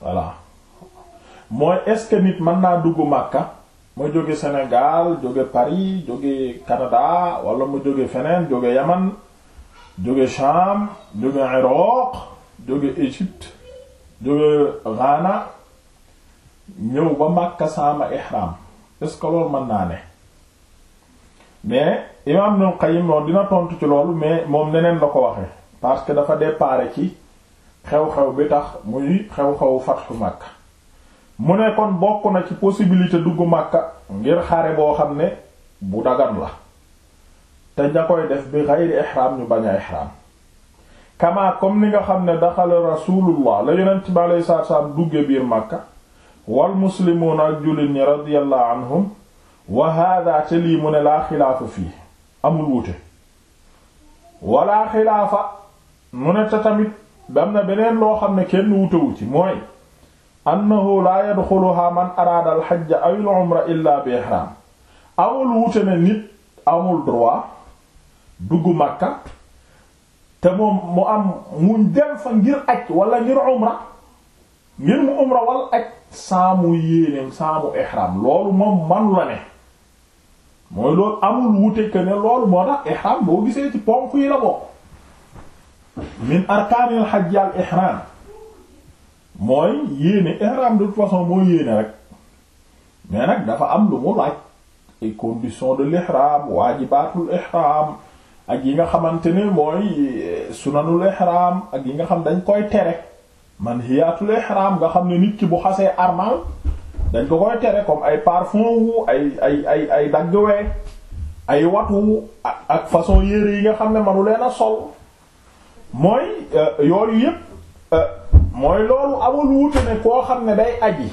voilà mooy est nit mën naa dugg Makka ma jóge Sénégal jóge Paris jóge Canada wala ma jóge feneen jóge Yaman jóge Sham jóge Iraq jóge Égypte jóge Ghana ñëw ba Makka sama ihram est-ce que loolu mën naa ne mais imam Ibn Qayyim noonu dina tontu ci loolu mais moom neneen la ko waxe parce que dafa départ ci xew-xew bi tax muy xew-xew fatxu Makka mu ne kon bokk na ci possibilité dugg Makka ngir xare boo xam ne bu dagan la te ña koy def bi xayri ihram ñu bañ a ihram kama nga xam ne daxala rasulullah la yonent bi alayhi dugge biir Makka wal muslimuuna ak jullit ñi radiyallahu anhum wa hada lii mu ne laa xilaafa fii amul wute wala xilaafa mu ne te tamit bi na beneen loo xam ne kenn wutewu ci mooy annahu laa yadxuluha man araada al hajj aw al umra bi ihram amul wute ne nit amul droit dugg Makka te moom mu am mu dem fa ngir aj wala ngir umra ngir mu umra wal aj saamu yéeneem saamu ihram loolu moom manu ne mooy loolu amul wute que ne loolu moo tax ihram boo gisee ci ponk yi la bokk min arkaanil hajj al ihram mooy yéene ihram de toute façon mooy yéene rek mais nag dafa am lu mu laaj ay conditions de l'ihram waajibatul ihram ak yi nga xamante ni mooy eh, sunanul ihram ak yi nga xam dañ koy tere manhiyatul ihram nga xam ne nit ki bu xasee armal dañ ko koy tere comme ay parfum ay ay ay ay daggwee ay watu ak façon yére yi nga xam ne manu leen a sol mooy euh, yooyu yépp euh, mooy loolu amul wuute ne koo xam ne day aji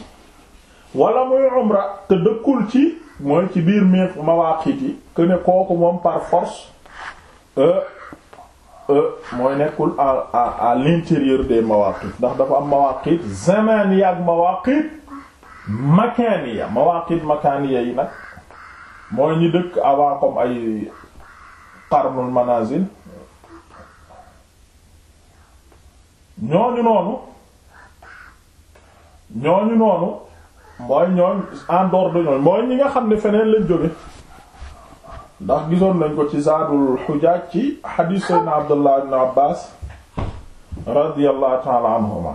wala muy umra te dëkkul ci mooy ci biir mi mawaqit yi que ne kooku moom par force euh, mooy nekkul à à à l'intérieur des mawaqit ndax dafa am mawaqit zamaniya ak mawaqit makaniya mawaqit makaniya yi nag mooy ñi dëkk avant comme ay qarnul manazil ñooñu noonu ñooñu noonu mooy ñooñ en dehors de ñooñ mooy ñi nga xam ne feneen lañ jóge ndax gisoon nañ ko ci zaadul xujaaj ci xadiis saydna abdullah ibn abbas radiallahu taala anhuma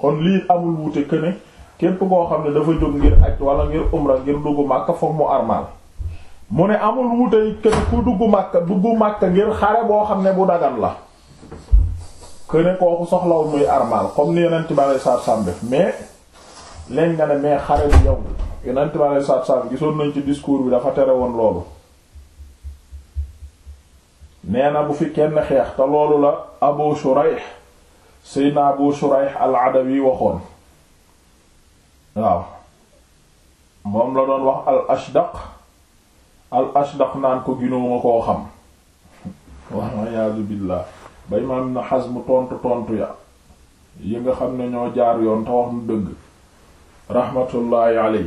kon lii amul wuute këne képp koo xam ne dafa jóg ngir aj wala ngir umra ngir dugg màkka foofu mu armaal mu ne amul wuute këne ku dugg màkka dugg màkka ngir xare boo xam ne bu daggan la que ne kooku soxlawul muy armal comme ni yonent bi alei satu mais léegi nga ne mais xare bu yow yonent bi alei satu salaam gisoon nañ ci discours bi dafa tere woon loolu nee na bu fi kenn xeex te loolu la Abu Shuraih Seydina Abu Shuraih al-Adawi waxoon waaw moom la doon wax al ashdaq al ashdaq naan ko ginoo ma koo xam waaw a'uuzu billah ba imaam na Hazm tontu tontu ya yi nga xam ne ñoo jaar yoon te wax nu dëgg rahmatullahi aley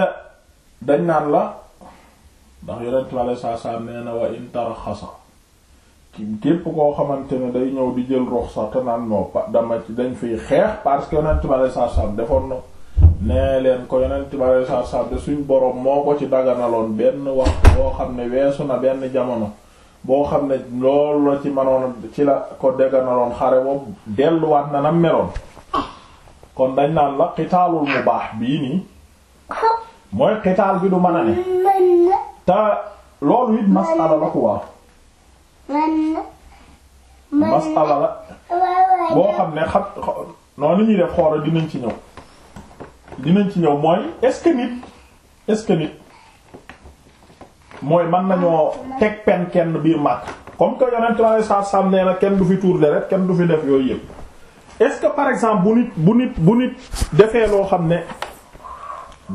eh, dañ naan la ndax yonent bi alei saat salaam nee na képp koo xamante ne day ñëw di jël ruxsa te naan moo dama ci dañ fiy xeex parce que yonent bi alei defoon na nee leen ko yonent bi alei saat de suñ boroom moo ko ci daganaloon benn waxtu boo xam ne weesu na benn jamono boo xam ne loolu la ci manoon ci la ko dégganaloon xare boobu delluwaat na na meloon kon dañ naan la xitaalul mu baax bii nii mooy xitaal bi du mën a ne te loolu it masala la quoi masala la boo xam ne xam noonu ñuy def xoora dinañ ci ñëw dinañ ci ñëw mooy est-ce mooy man nañoo teg pen kenn biir màkk comme que yonent la saar saam nee na kenn du fi tuur deret kenn du fi def yooyu yëpp est que par exemple bu nit bu nit bu nit defee loo xam ne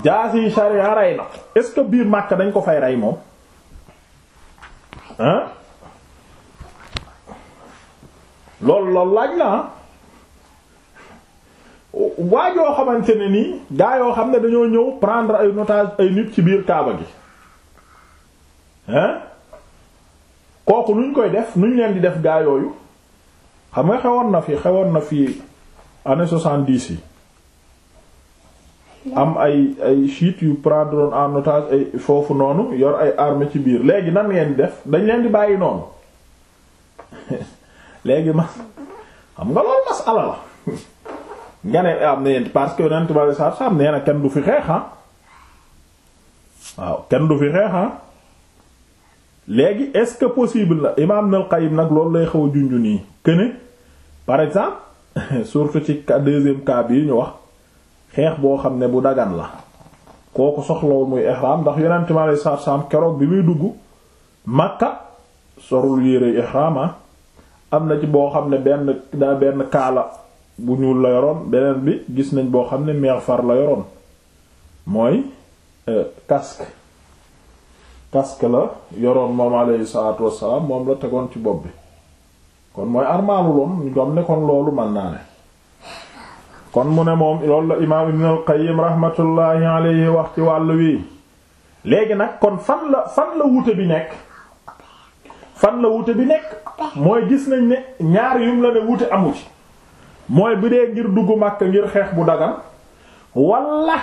jaasi sharia rey na est-ce que biir màkk dañ ko fay rey moom loolu loolu laaj la waajoo xamante ne nii gaa yoo xam ne dañoo ñëw prendre ay otage ay nit ci biir Kaaba gi hein kooku nuñ koy def nuñ leen di def gaa yooyu xam nga xewoon na fi xewoon na fi année soixante-dix yi am ay ay chiites yu prendre en otage foofu noonu yor ay armes ci biir léegi nan leen di def dañ leen di bàyyi noonu léegi ma xam nga loolu masala la nga ne ah, am na parce que yonent bi sallallahu alayhi wasallam nee na kenn du fi xeex ah waaw kenn du fi xeex ah. léegi est-ce que possible la imaam Ibnul Qayyim nag loolu lay xaw a junj nii que ne par exemple surtout ci deuxième cas bii ñu wax xeex boo xam ne bu dagan la kooku soxlawul muy ihram ndax Yonent mi alayhi keroog bi muy dugg Makka sorul yére ihrama ah. am na ci boo xam ne benn kaala bu ñuul la yoroon beneen bi gis nañ boo xam ne meex far la yoroon mooy euh, casque. casque la yoroon moom alayhi salaatu wassalaam moom la tegoon ci bopp bi kon mooy armaalu loon doom ne loolu man naa ne kon mu ne moom loolu la imaam ibn al qayyim rahmatullahi alayhi wax ci wàll wi léegi nag kon fan la fan la wute bi nekk fan la wute bi nekk mooy gis nañ ne ñaar yum la ne wute amu ci mooy bi dee ngir dugg Makka ngir xeex bu dagan walla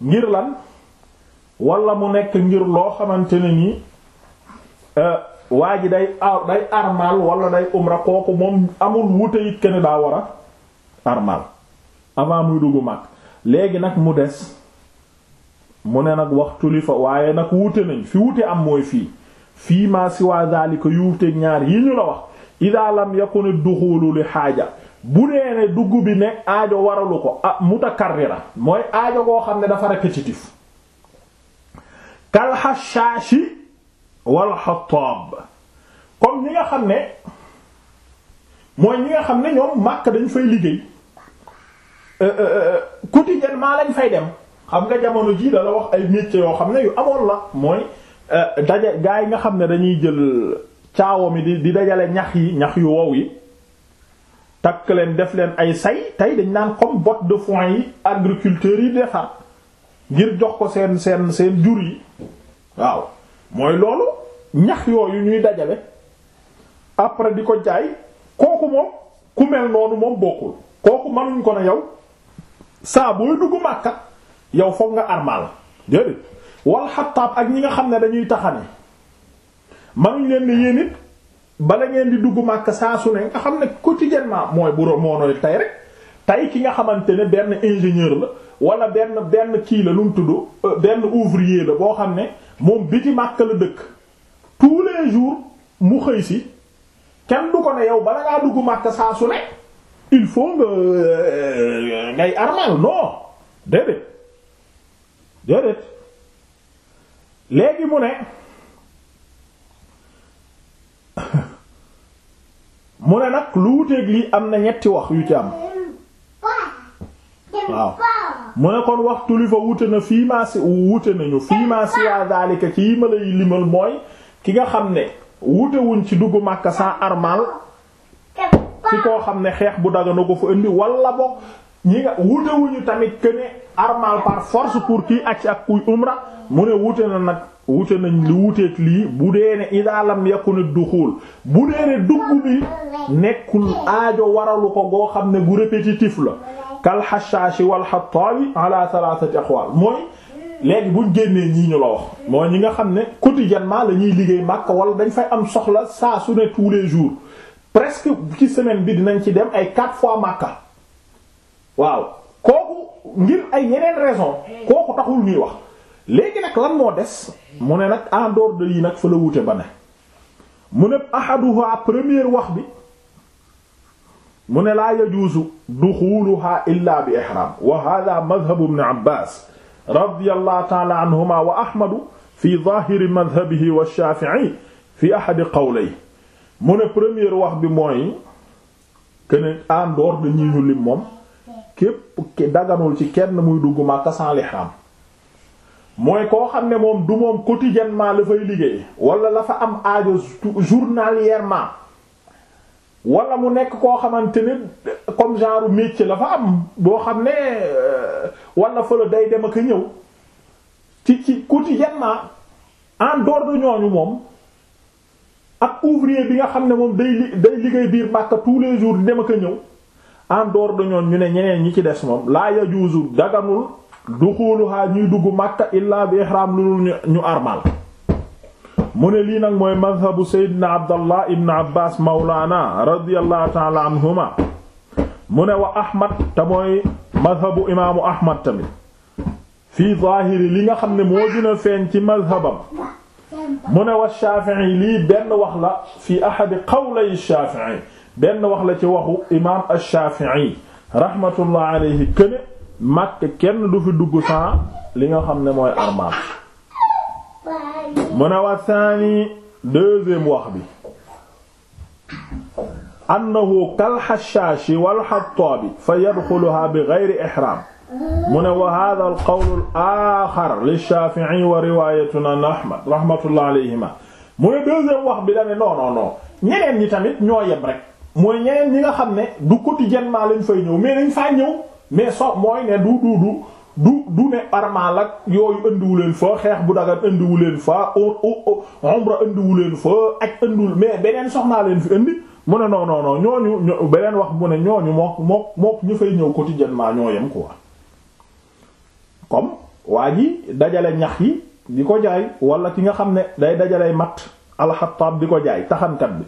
ngir lan wala mu nekk ngir loo xamante ne nii euh, waa ji day day armal wala day umra kooku moom amul wute it ke ne daa war a armal avant muy dugg mag léegi nag mu des mu ne nag waxtu li fa waaye nag wute nañ fi wute am mooy fii fii maa si waa zalika yu wute ñaar yi ñu la wax ida lam yakun duxulu li xaaja bu nee ne dugg bi ne aajo waralu ko ah mutakarrira mooy aajo koo xam ne dafa répétitif kal xashaashi wal xattaab comme ñi nga xam ne mooy ñi nga xam ne ñoom màkk dañ fay liggéey euh, euh, euh, quotidiennement lañ fay dem xam nga jamono ji dala wax ay métiers yoo xam ne yu amoon la mooy daja gaa yi nga xam ne dañuy jël caawa mi di di dajale ñax yi ñax yu wow yi takk leen def leen ay say tey dañ naan comme botte de foin yi agriculteurs yi defar ngir jox ko seen seen seen jur yi waaw mooy loolu ñax yu ñuy dajale après di ko jaay kooku moom ku mel noonu moom bokkul kooku mënuñ ko ne yow saa booy dugg Makka yow foog nga armal déedéet wal xattaab ak ñi nga xam ne dañuy taxane mënuñ leen ne yéen it bala ngeen di duggu Makka saa su ne nga xam ne ko quotidiennement mooy bu moo nooy tey rek tey ki nga xamante ne benn ingénieur la wala benn benn kii la nu mu tudd euh, benn ouvrier la boo xam ne moom biti Makka la dëkk tous les jours mu xëy si kenn du ko ne yow bala ngaa dugg Makka saa su il faut nga euh, ngay armal non déedéet déedéet léegi mu ne mu ne nag lu wuteeg lii am na ñetti wax yu ci am waaw. mu ne kon waxtu li fa wute na fii maa si wute nañu fii maa si waa daalika ci yi ma lay limal mooy ki nga xam ne wute wuñ ci dugg Makka sans armal ci koo xam ne xeex bu dagana ko fa indi wala boog ñi nga wute wuñu tamit que ne armal par force pour kii acc ak kuy umra mu ne wute na nag wute nañ lu wuteeg lii bu dee ne idaalam yàqu ne duxul bu dee ne dugg bi nekkul aajo waralu ko goo xam ne gu répétitif la kal xashaashi wal xattaabi ala salaasati aqwaal mooy léegi buñ génnee ñii ñu la wax mooy ñi nga xam ne quotidiennement la ñuy liggéey Makka wala dañ fay am soxla saa su ne tous les jours presque ci semaine bi dinañ ci dem ay quatre fois Makka waaw kooku ngir ay yeneen raison kooku taxul ñuy wax léegi nag lan moo des mu ne nag en dehors de nag fa la wute ba ne mu ne ahaduha première wax bi mu ne laa yajuuzu duxuluha illa bi ihram wa hada madhabu ibn abbas radiyallahu ta'ala anhuma wa ahmadu fi zahiri madhabihi wa shafi'i fi ahadi qawlay mu ne première wax bi mooy que ne en dehors de ñi ñu lim moom képp daganul ci kenn muy dugg Makka sans l'ihram mooy koo xam ne moom du moom quotidiennement la fay liggéey wala la fa am aajo journalièrement wala mu nekk koo xamante ne comme genre métier la fa am boo xam ne euh, wala folo day dem ak ñëw ci ci quotidiennement en dehors de ñooñu moom ak ouvrier bi nga xam ne moom day day liggéey biir Makka tous les jours di dem ak ñëw en dehors de ñooñu ñu ne ñeneen ñi ci des moom laa yajuuzu daganul duxuluha ñuy dugg Makka illaa bi ihram lu ñu ñu armal mu ne lii nag mooy madhabu seydina abdallah ibn abbas mawlaana radiyallahu taala anhuma mu ne wa ahmad tamit fii zaahiri li nga xam ne moo dina feeñ ci madhabam mu ne wa shaafi'i lii benn wax la fii ahadi qawlay shaafi'i benn wax la ci waxu imaam ash-shaafi'i rahmatullah alayhi këne màkk kenn du fi dugg sans li nga xam ne mooy armaam mu ne wa thani deuxième wax bi annahu kal xashaashi wal xattaabi fa yadxuluha bi gayri ihraam mu ne wa haadha al qawl al aaxar li shaafi'i wa riwaayatuna an ahmad rahmatullah alayhima mu ne deuxième wax dane non non non ñeneen ñi tamit ñoo yem rek mooy ñeneen ñi nga xam ne du quotidiennement lañ fay ñëw mais dañ faa ñëw mais so mooy ne du du du du du ne armal ak yooyu andiwu leen fa xeex bu dagan andiwu leen fa umra andiwu leen fa ak andiwul mais beneen soxnaa leen fi andi mu ne non non non ñooñu beneen wax mu ne ñooñu mook mook mook ñu fay ñëw quotidiennement ñoo yem quoi comme waa ji dajale ñax yi di ko jaay wala ki nga xam ne day dajalay matt alxattaab di ko jaay taxankat bi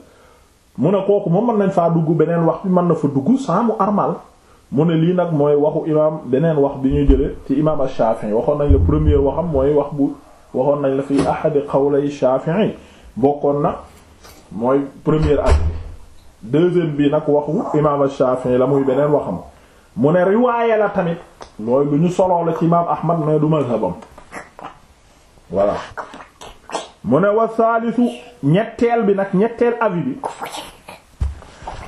mu ne kooku moom mën nañ faa dugg beneen wax bi mën na fa dugg saa mu armal mu ne lii nag mooy waxu imaam beneen wax bi ñuy jële ci imaam ash-Shafi'i waxoon nañ la premier waxam mooy wax bu waxoon nañ la fi ahadi qawlay Shafi'i bokkoon na mooy premier ak deuxième bii nag waxu imaam ash-Shafi'i la muy beneen waxam mu ne riwaaya la tamit looy lu ñu soloo la ci imaam Ahmad mais du mazhabam voilà mu ne wa ñetteel bi nag ñetteel avis bi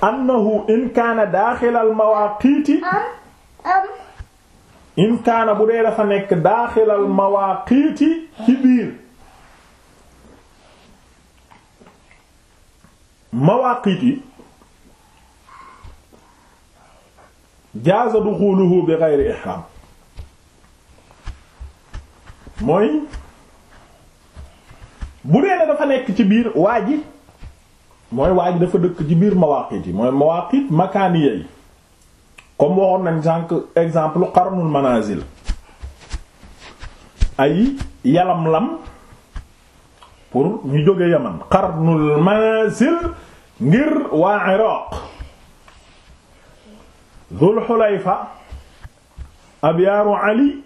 annahu in kaana daaxila al mawaaqiiti in kaana bu dee dafa nekk daaxila al mawaaqiiti ci biir mawaaqiiti jaaza duxuluhu bi geyri ihraam mooy bu dee dafa nekk ci biir waa ji mooy waa dafa dëkk ci biir mawaqit yi mooy mawaqit makaaniya yi comme waxoon nañ sànq exemple qarnul manazil ay yalamlam pour ñu jóge yaman qarnul manazil ngir waa iraq dhul xulayfa abyaaru ali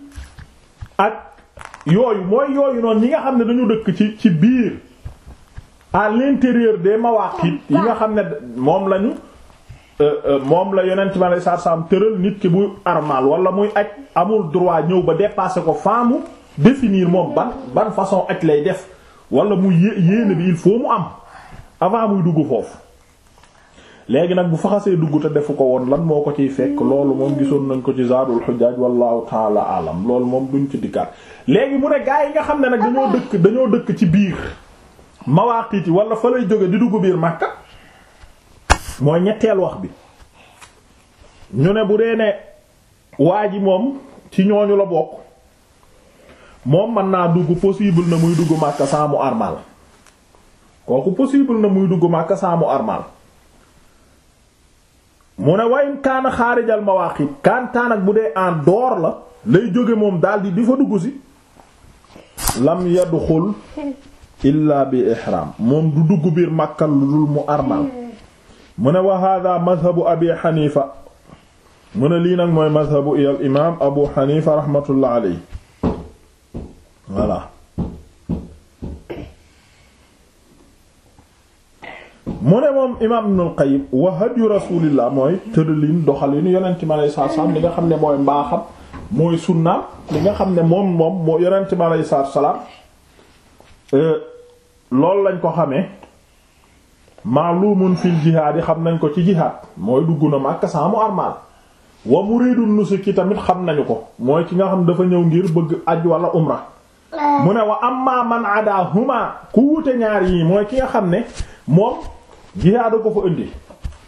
ak yooyu mooy yooyu noonu ñi nga xam ne dañu dëkk ci ci biir à l'intérieur des mawaqit yi nga xam ne moom lañu euh, euh, moom la yonent ci alei satu salaam tëral nit ki bu armal wala muy aj amul droit ñëw ba dépasser ko faamu définir moom ban ban façon aj lay def wala mu yéene bi il foo mu am avant muy dugg foofu léegi nag bu faxasee xasee dugg te defu ko woon lan moo ko ciy fekk loolu moom gisoon nañ ko ci zaadul xujjaaj wallahu taala alam loolu moom duñ ci dikkaat léegi mu ne gaa yi nga xam ne nag dañoo dëkk dañoo dëkk ci biir mawaqit yi wala fa lay jóge di dugg biir Makka mooy ñetteel wax bi ñu ne bu dee ne waa ji moom ci ñooñu la bokk moom mën naa dugg possible na muy dugg Makka sans mu armal kooku possible na muy dugg Makka sans mu armal mu ne wayn kaana xaarijal mawaqit kantaan ak bu dee en dehors la lay jóge moom daldi di fa dugg si lam yadxul illaa bi ihraam moom du dugg biir Makka lu dul mu armal mu ne wa hada madhabu abi xanifa mu ne lii nag mooy madhabu al imaam abu xanifa rahmatullah aley mu ne moom imaam ibnul qayyim wa hadyu rasulillah mooy tërëlin doxalinu yonent mi aley salaatu salaam li nga xam ne mooy mbaaxam mooy sunnaam li nga xam ne moom moom moo yonent mi aley salaam euh, loolu lañ ko xamee maalumun fii jihaad yi xam nañ ko ci jihaad mooy dugg na Makka saa mu armaal wa muridun nusuk ci tamit xam nañu ko mooy ki nga xam dafa ñëw ngir bëgg aj wala umra mu ne wa amma man adahuma ku wute ñaar yi mooy ki nga xam ne moom jihaad ko fa indi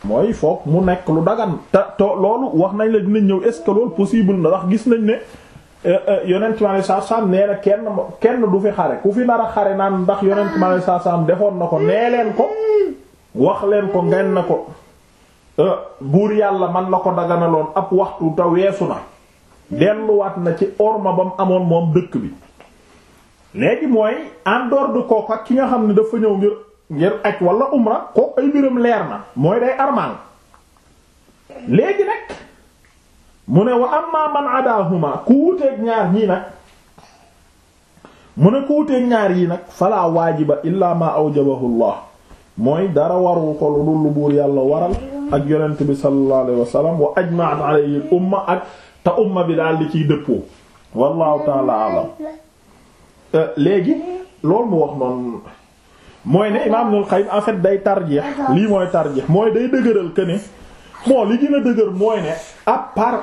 mooy foog mu nekk lu dagan te to loolu wax nañ la dinañ ñëw est ce que possible ndax gis nañ ne Euh, euh, yonent mi alayhi salaatu nee na kenn kenn du fi xare ku fi nar a xare naan ndax yonent man alayhi salaatu defoon na ko nee leen ko wax leen ko ngeen na ko euh, buur yàlla man la ko daganaloon ab waxtu te weesu na delluwaat na ci orma ba mu amoon moom dëkk bi léegi mooy en dehors de kooku ki nga xam ne dafa ñëw ngir ngir aj wala umra kooku ay mbiram leer na mooy day armal léegi nag mu ne wa amma man adahuma ku ñaar ñii nag mu ne ku ñaar yi nag fala waajiba illa ma awjabahu allah mooy dara waru ko lu buur yàlla waral ak yonent bi sallallahu alayhi wa sallam ajma'at alayhi al umma ak te umma bi daal di ciy dëppoo wallahu ta'ala alam euh, léegi loolu mu wax noonu mooy ne imaam Ibnul Qayyim en day tarjeex lii mooy tarjeex mooy day dëgëral que bon li gën a dëgër mooy ne à part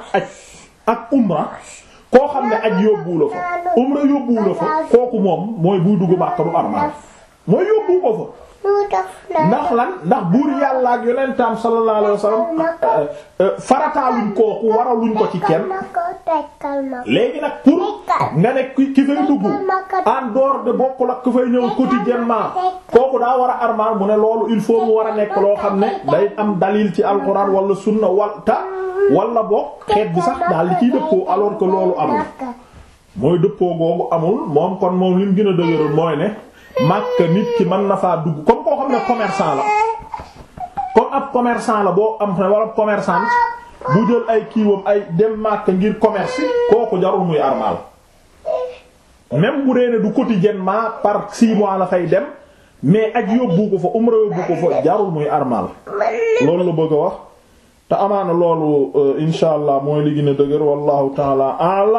ak umra koo xam ne ak yóbbuwula fa umra yóbbuwula fa kooku moom mooy buy dugg Makka du armal mooy yóbbu ko ndax lan ndax buur yàllaak ak yonentam sallallahu alayhi wasallam euh, euh, farataaluñ kooku waraluñ ko ci kenn léegi nag pour nga ne ki fay dugg en dehors de bokkul ak ku fay ñëw quotidiennement kooku daa war a armal mu ne loolu il faut mu war a nekk loo xam ne day am dalil ci alxuraan wala sunna walta wala bokk xeet bi sax daal li ciy dëppoo alors que loolu amul mooy dëppoo googu amul moom kon moom li gën a dëgëral mooy ne Makka nit ki man na faa dugg comme koo xam ne commerçant la comme ab commerçant la boo am wala commerçant bu jël ay kiiwam ay dem Makka ngir commerce kooku jarul muy armal même bu dee ne du quotidiennement par six la fay dem mais ak yóbbu ko fa umra yóbbu ko fa jarul muy armal loolu la bëgg a wax te amaana loolu euh, insha allah mooy li dëgër wallahu taala